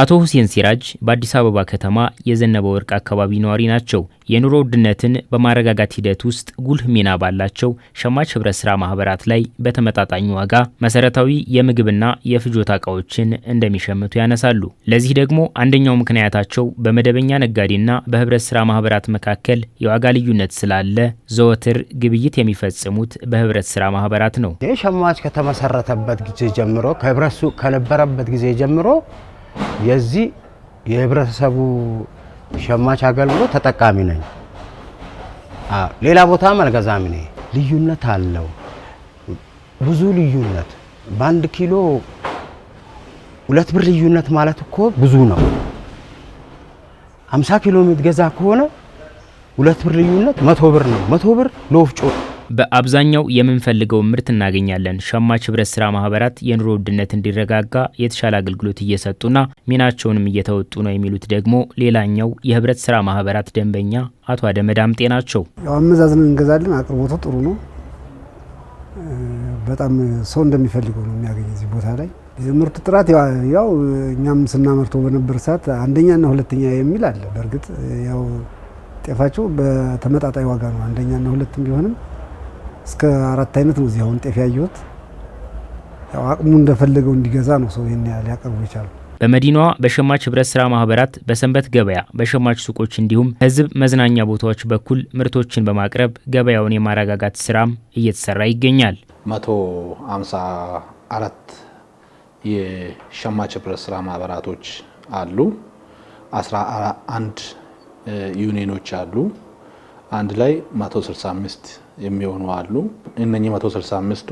አቶ ሁሴን ሲራጅ በአዲስ አበባ ከተማ የዘነበ ወርቅ አካባቢ ነዋሪ ናቸው። የኑሮ ውድነትን በማረጋጋት ሂደት ውስጥ ጉልህ ሚና ባላቸው ሸማች ህብረት ስራ ማህበራት ላይ በተመጣጣኝ ዋጋ መሰረታዊ የምግብና የፍጆታ እቃዎችን እንደሚሸምቱ ያነሳሉ። ለዚህ ደግሞ አንደኛው ምክንያታቸው በመደበኛ ነጋዴና በህብረት ስራ ማህበራት መካከል የዋጋ ልዩነት ስላለ ዘወትር ግብይት የሚፈጽሙት በህብረት ስራ ማህበራት ነው። ይህ ሸማች ከተመሰረተበት ጊዜ ጀምሮ ከህብረሱ ከነበረበት ጊዜ ጀምሮ የዚህ የህብረተሰቡ ሸማች አገልግሎት ተጠቃሚ ነኝ። ሌላ ቦታም አልገዛም። እኔ ልዩነት አለው ብዙ ልዩነት። በአንድ ኪሎ ሁለት ብር ልዩነት ማለት እኮ ብዙ ነው። 50 ኪሎ ሜትር ከሆነ ሁለት ብር ልዩነት መቶ ብር ነው። መቶ ብር ለወፍጮ በአብዛኛው የምንፈልገውን ምርት እናገኛለን። ሸማች ህብረት ስራ ማህበራት የኑሮ ውድነት እንዲረጋጋ የተሻለ አገልግሎት እየሰጡና ሚናቸውንም እየተወጡ ነው የሚሉት ደግሞ ሌላኛው የህብረት ስራ ማህበራት ደንበኛ አቶ አደመ ዳምጤ ናቸው። ያው አመዛዝነን እንገዛለን። አቅርቦቱ ጥሩ ነው። በጣም ሰው እንደሚፈልገው ነው የሚያገኝ እዚህ ቦታ ላይ ምርቱ ጥራት ያው እኛም ስናመርተው በነበር ሰዓት አንደኛና ሁለተኛ የሚል አለ። በእርግጥ ያው ጤፋቸው በተመጣጣኝ ዋጋ ነው አንደኛና ሁለትም ቢሆንም እስከ አራት አይነት ነው እዚህ አሁን ጤፍ ያየሁት። ያው አቅሙ እንደፈለገው እንዲገዛ ነው ሰው ይህን ያህል ያቀርቡ ይቻሉ። በመዲናዋ በሸማች ህብረት ስራ ማህበራት በሰንበት ገበያ፣ በሸማች ሱቆች እንዲሁም ህዝብ መዝናኛ ቦታዎች በኩል ምርቶችን በማቅረብ ገበያውን የማረጋጋት ስራም እየተሰራ ይገኛል። መቶ ሃምሳ አራት የሸማች ህብረት ስራ ማህበራቶች አሉ። አስራ አንድ ዩኒየኖች አሉ። አንድ ላይ 165 የሚሆኑ አሉ። እነኚህ 165ቱ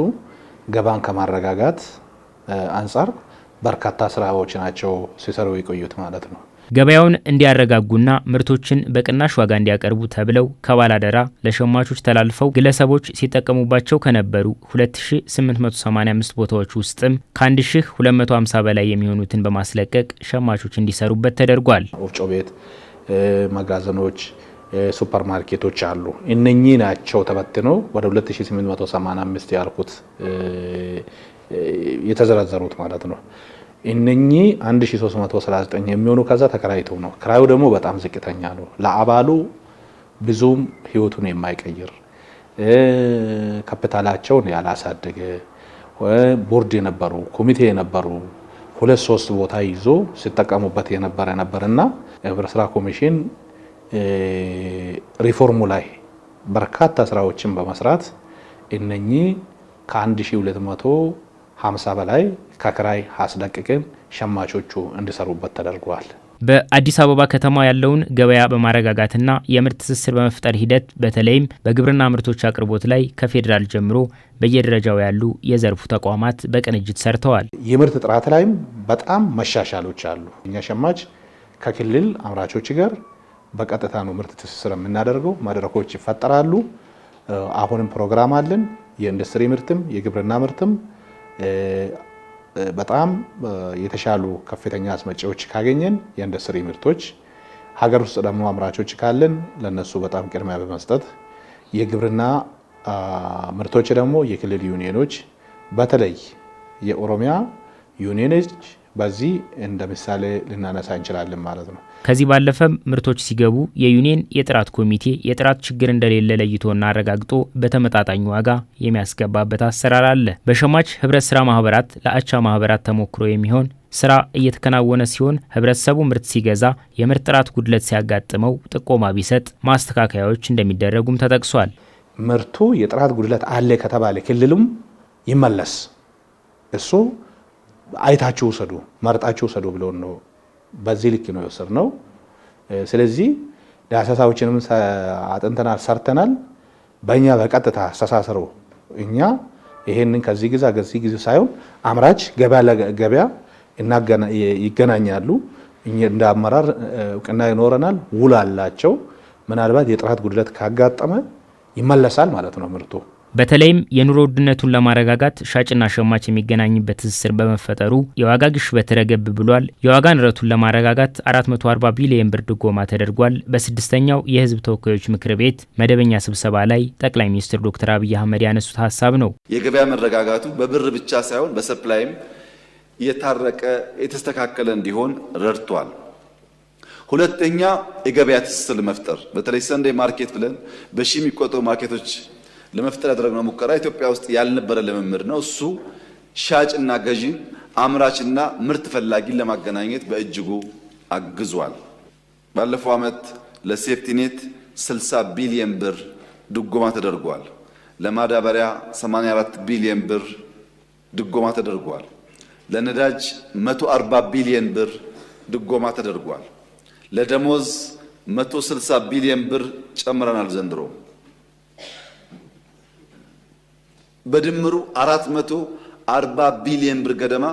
ገባን ከማረጋጋት አንጻር በርካታ ስራዎች ናቸው ሲሰሩ የቆዩት ማለት ነው። ገበያውን እንዲያረጋጉና ምርቶችን በቅናሽ ዋጋ እንዲያቀርቡ ተብለው ከባላደራ ለሸማቾች ተላልፈው ግለሰቦች ሲጠቀሙባቸው ከነበሩ 2885 ቦታዎች ውስጥም ከ1250 በላይ የሚሆኑትን በማስለቀቅ ሸማቾች እንዲሰሩበት ተደርጓል። ወፍጮ ቤት፣ መጋዘኖች ሱፐር ማርኬቶች አሉ። እነኚህ ናቸው ተበትነው ወደ 2885 ያልኩት የተዘረዘሩት ማለት ነው። እነኚህ 1339 የሚሆኑ ከዛ ተከራይተው ነው። ክራዩ ደግሞ በጣም ዝቅተኛ ነው። ለአባሉ ብዙም ህይወቱን የማይቀይር ካፒታላቸውን ያላሳደገ ቦርድ የነበሩ ኮሚቴ የነበሩ ሁለት ሶስት ቦታ ይዞ ሲጠቀሙበት የነበረ ነበር እና ህብረ ስራ ኮሚሽን ሪፎርሙ ላይ በርካታ ስራዎችን በመስራት እነኚህ ከ1250 በላይ ከክራይ አስደቅቅን ሸማቾቹ እንዲሰሩበት ተደርጓል። በአዲስ አበባ ከተማ ያለውን ገበያ በማረጋጋትና የምርት ትስስር በመፍጠር ሂደት በተለይም በግብርና ምርቶች አቅርቦት ላይ ከፌዴራል ጀምሮ በየደረጃው ያሉ የዘርፉ ተቋማት በቅንጅት ሰርተዋል። የምርት ጥራት ላይም በጣም መሻሻሎች አሉ። እኛ ሸማች ከክልል አምራቾች ጋር በቀጥታ ነው ምርት ትስስር የምናደርገው። መድረኮች ይፈጠራሉ። አሁንም ፕሮግራም አለን። የኢንዱስትሪ ምርትም የግብርና ምርትም በጣም የተሻሉ ከፍተኛ አስመጪዎች ካገኘን የኢንዱስትሪ ምርቶች፣ ሀገር ውስጥ ደግሞ አምራቾች ካለን ለነሱ በጣም ቅድሚያ በመስጠት የግብርና ምርቶች ደግሞ የክልል ዩኒየኖች በተለይ የኦሮሚያ ዩኒየኖች በዚህ እንደ ምሳሌ ልናነሳ እንችላለን ማለት ነው። ከዚህ ባለፈም ምርቶች ሲገቡ የዩኒየን የጥራት ኮሚቴ የጥራት ችግር እንደሌለ ለይቶና አረጋግጦ በተመጣጣኝ ዋጋ የሚያስገባበት አሰራር አለ። በሸማች ህብረት ስራ ማህበራት ለአቻ ማህበራት ተሞክሮ የሚሆን ስራ እየተከናወነ ሲሆን ህብረተሰቡ ምርት ሲገዛ የምርት ጥራት ጉድለት ሲያጋጥመው ጥቆማ ቢሰጥ ማስተካከያዎች እንደሚደረጉም ተጠቅሷል። ምርቱ የጥራት ጉድለት አለ ከተባለ ክልሉም ይመለስ እሱ አይታችሁ ውሰዱ፣ መርጣችሁ ውሰዱ ብለውን ነው። በዚህ ልክ ነው የወሰድነው። ስለዚህ ዳሰሳዎችንም አጥንተናል፣ ሰርተናል። በእኛ በቀጥታ አስተሳሰሩ እኛ ይሄንን ከዚህ ጊዜ ከዚህ ጊዜ ሳይሆን አምራች ገበያ ለገበያ ይገናኛሉ። እንደ አመራር እውቅና ይኖረናል። ውል አላቸው። ምናልባት የጥራት ጉድለት ካጋጠመ ይመለሳል ማለት ነው ምርቱ። በተለይም የኑሮ ውድነቱን ለማረጋጋት ሻጭና ሸማች የሚገናኝበት ትስስር በመፈጠሩ የዋጋ ግሽበት ረገብ ብሏል። የዋጋ ንረቱን ለማረጋጋት 440 ቢሊየን ብር ድጎማ ተደርጓል። በስድስተኛው የህዝብ ተወካዮች ምክር ቤት መደበኛ ስብሰባ ላይ ጠቅላይ ሚኒስትር ዶክተር አብይ አህመድ ያነሱት ሀሳብ ነው። የገበያ መረጋጋቱ በብር ብቻ ሳይሆን በሰፕላይም የታረቀ የተስተካከለ እንዲሆን ረድቷል። ሁለተኛ የገበያ ትስስር መፍጠር በተለይ ሰንዴ ማርኬት ብለን በሺ የሚቆጠሩ ማርኬቶች ለመፍጠር ያደረግነው ሙከራ ኢትዮጵያ ውስጥ ያልነበረ ልምምድ ነው። እሱ ሻጭና ገዢ፣ አምራችና ምርት ፈላጊን ለማገናኘት በእጅጉ አግዟል። ባለፈው ዓመት ለሴፍቲኔት 60 ቢሊየን ብር ድጎማ ተደርጓል። ለማዳበሪያ 84 ቢሊየን ብር ድጎማ ተደርጓል። ለነዳጅ 140 ቢሊየን ብር ድጎማ ተደርጓል። ለደሞዝ 160 ቢሊየን ብር ጨምረናል ዘንድሮ በድምሩ 440 መቶ ቢሊየን ብር ገደማ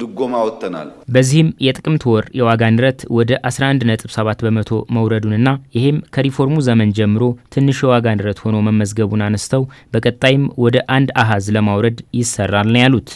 ድጎማ ወጥተናል። በዚህም የጥቅምት ወር የዋጋ ንረት ወደ 11.7 በመቶ መውረዱንና ይህም ከሪፎርሙ ዘመን ጀምሮ ትንሽ የዋጋ ንረት ሆኖ መመዝገቡን አነስተው በቀጣይም ወደ አንድ አሃዝ ለማውረድ ይሰራል ነው ያሉት።